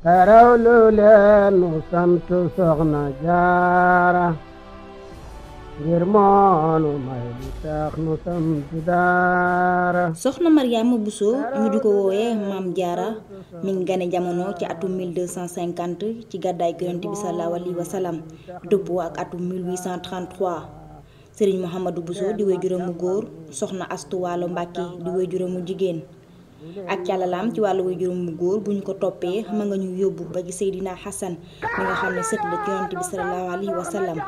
tarawlu leen nu sant soxna jaara ngir moonu may di tax nu sant daara soxna Mariama Bousso ñu di ko wooyee maam jaara mi ngi gane jamono ci atum 1250 ci gàddaay ko yonent bi sallallahu alayhi wa sallam dëppoo ak atum sëriñ Mouhamadou Bousso di wéy góor soxna Astu Waalo Mbàkke di wéy jigéen ak càllalaam ci wàllu way juróom bu góor bu ñu ko toppee ma nga ñuy yóbbu ba ci Seydina Xasan mi nga xam ne sët la ci yonante bi sallallahu alayhi wa sallam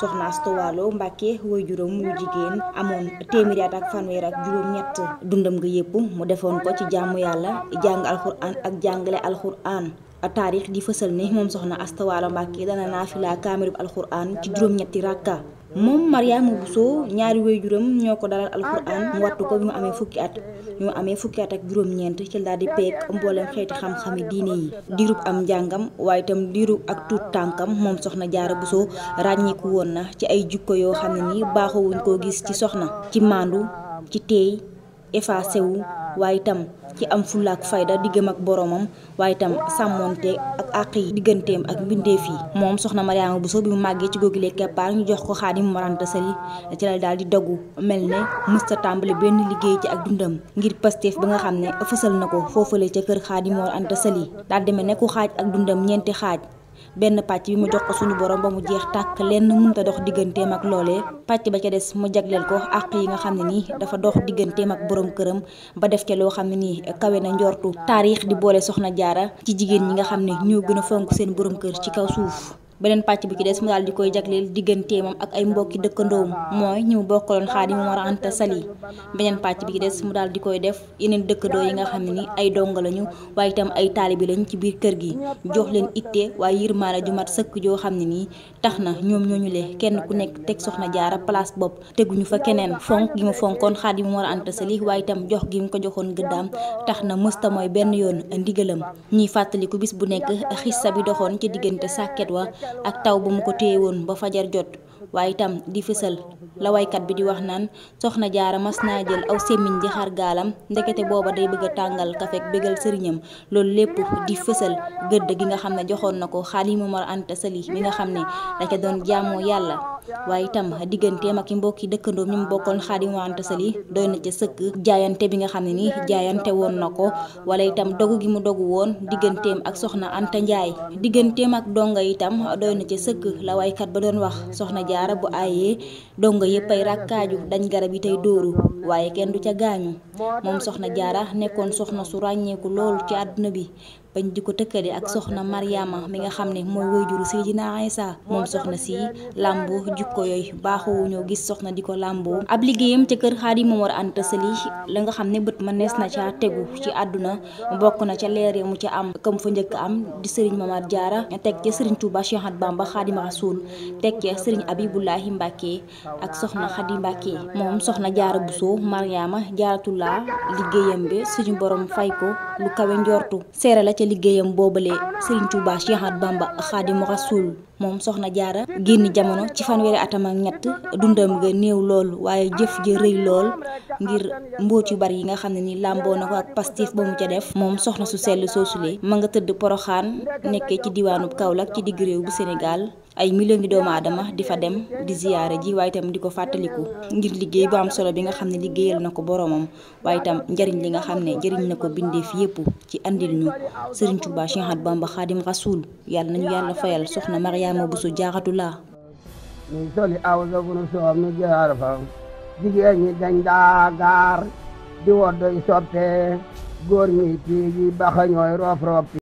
soxna Astu Waalo Mbàkke way juróom jigéen amoon téeméeri ak fanweer ak juróom-ñett dundam nga yëpp mu defoon ko ci jàmm yàlla jàng alxuraan ak jàngale alxuraan taarix di fësal ne moom soxna Astu Waalo Mbàkke dana naafila kaamilub alxuraan ci juróom-ñetti rakka moom Mariama Bousso ñaari waajuram ñoo ko dalal alxuraan mu wattu ko bi mu amee fukki at bi amee fukki at ak juróom-ñeent ci daal di peeg mboolem xeeti xam-xami diine yi diirub am njàngam waaye itam diirub ak tuut tànkam moom soxna Jaara Bousso ràññiku woon na ci ay jukko yoo xam ne ni baaxoowuñ koo gis ci soxna ci maandu ci teey effacé wu waaye itam ci am fullaak fayda diggam ak boroomam waaye itam sàmmonte ak àq yi digganteem ak mbindeef yi moom soxna Mariama Bousso bi mu màggee ci góogile keppaar ñu jox ko Xaadim Mor Anta Sali ci la daal di dogu mel ne mësta tàmbali benn liggéey ci ak dundam ngir Pastef ba nga xam ne fësal na ko foofale ca kër Xaadim Mor Anta Sali daal di mel ne ku xaaj ak dundam ñeenti xaaj benn pàcc bi mu jox ko suñu borom ba mu jeex tàkk lenn mun mënta dox digganteem ak loolee pàcc ba ca des mu jagleel ko àq yi nga xam ne nii dafa dox digganteem ak borom këram ba def ca loo xam ne nii kawe na njortu taarix di boole soxna jaara ci jigéen ñi nga xam ne ñoo gën a fonk seen borom kër ci kaw suuf beneen pàcc bi ci des mu daal di koy jagleel diggante moom ak ay mbokki dëkkandoom mooy ñi mu bokkaloon Xaadim Mor Anta Sali beneen pàcc bi ci des mu daal di koy def yeneen dëkkandoo yi nga xam ne ni ay donga lañu waaye itam ay taalibi lañ ci biir kër gi jox leen itte waaye yërmaale ju mat sëkk joo xam ne nii tax na ñoom ñooñu le kenn ku nekk teg soxna jaara place bopp teguñu fa keneen fonk gi mu fonkoon Xaadim Mor Anta Sali waaye itam jox gi mu ko joxoon gëddaam tax na mësta mooy benn yoon ndigalam ñiy fàttaliku bis bu nekk xissa bi doxoon ci diggante sàkket wa ak taw bu mu ko téye woon ba fajar jot waaye itam di fësal la waykat bi di wax naan soxna jaara mas naa jël aw sémmiñ di xar gaalam ndekete booba day bëgg a tàngal kafek bégal sëriñam loolu lépp di fësal gëdd gi nga xam ne joxoon na ko Xaadimu Mar Anta Sali bi nga xam ne da ca doon jaamoo yàlla waaye itam digganteem ak i mbokki dëkkandoom ñu mu bokkoon Xaadim Anta Sali doy na ca sëkk jaayante bi nga xam ne ni jaayante woon na ko wala itam dogu gi mu dogu woon digganteem ak soxna Anta Njaay digganteem ak donga itam doy na ca sëkk la waykat ba doon wax soxna jaara bu aayee donga yëpp ay rakkaaju dañ garab yi tey dóoru waaye kenn du ca gaañu moom soxna jaara nekkoon soxna su ràññeeku loolu ci àdduna bi bañ di ko tëkkale ak soxna Mariama mi nga xam ne mooy wayjuru Seydina Isa moom soxna si làmboo jikko yooyu baaxuwuñoo gis soxna di ko làmboo ab liggéeyam ca kër Xaadim Momar Anta Sali la nga xam ne bët ma nees na ca tegu ci àdduna bokk na ca leere mu ca am kam fa njëkk am di Serigne Mamar Diarra teg ca Serigne Touba Cheikh Ahmadou Bamba Xaadim Rasuul teg ca Serigne Abibulahi Mbàkke ak soxna Xadi Mbàkke moom soxna Jaara Buso boobu Mariama Jaaratullaa liggéeyam bi suñu borom fay ko lu kawe njortu seere la ca liggéeyam boobale Serigne Touba Cheikh Ahmadou Bamba Xaadimu Rasuul moom soxna jaara génn jamono ci fanweeri atam ak ñett dundam ga néew loolu waaye jëf ji rëy lool ngir mbóot yu bari yi nga xam ne ni làmboo na ko ak pastif ba mu ca def moom soxna su sell soosule ma nga tëdd poroxaan nekkee ci diwaanub Kaolack ci digg réew bu Sénégal ay millions yi doomu aadama di fa dem di ziyaare ji waaye itam di ko fàttaliku ngir liggéey bu am solo bi nga xam ne liggéeyal na ko boromam waaye itam njariñ li nga xam ne jëriñ na ko bindeef yépp ci andil ñu Serigne Touba Cheikh Ahmadou Bamba Khadim Rasoul yàlla nañu yàlla fayal soxna Mariama Bousso Diaratou Lah mi soli aw sogunu soom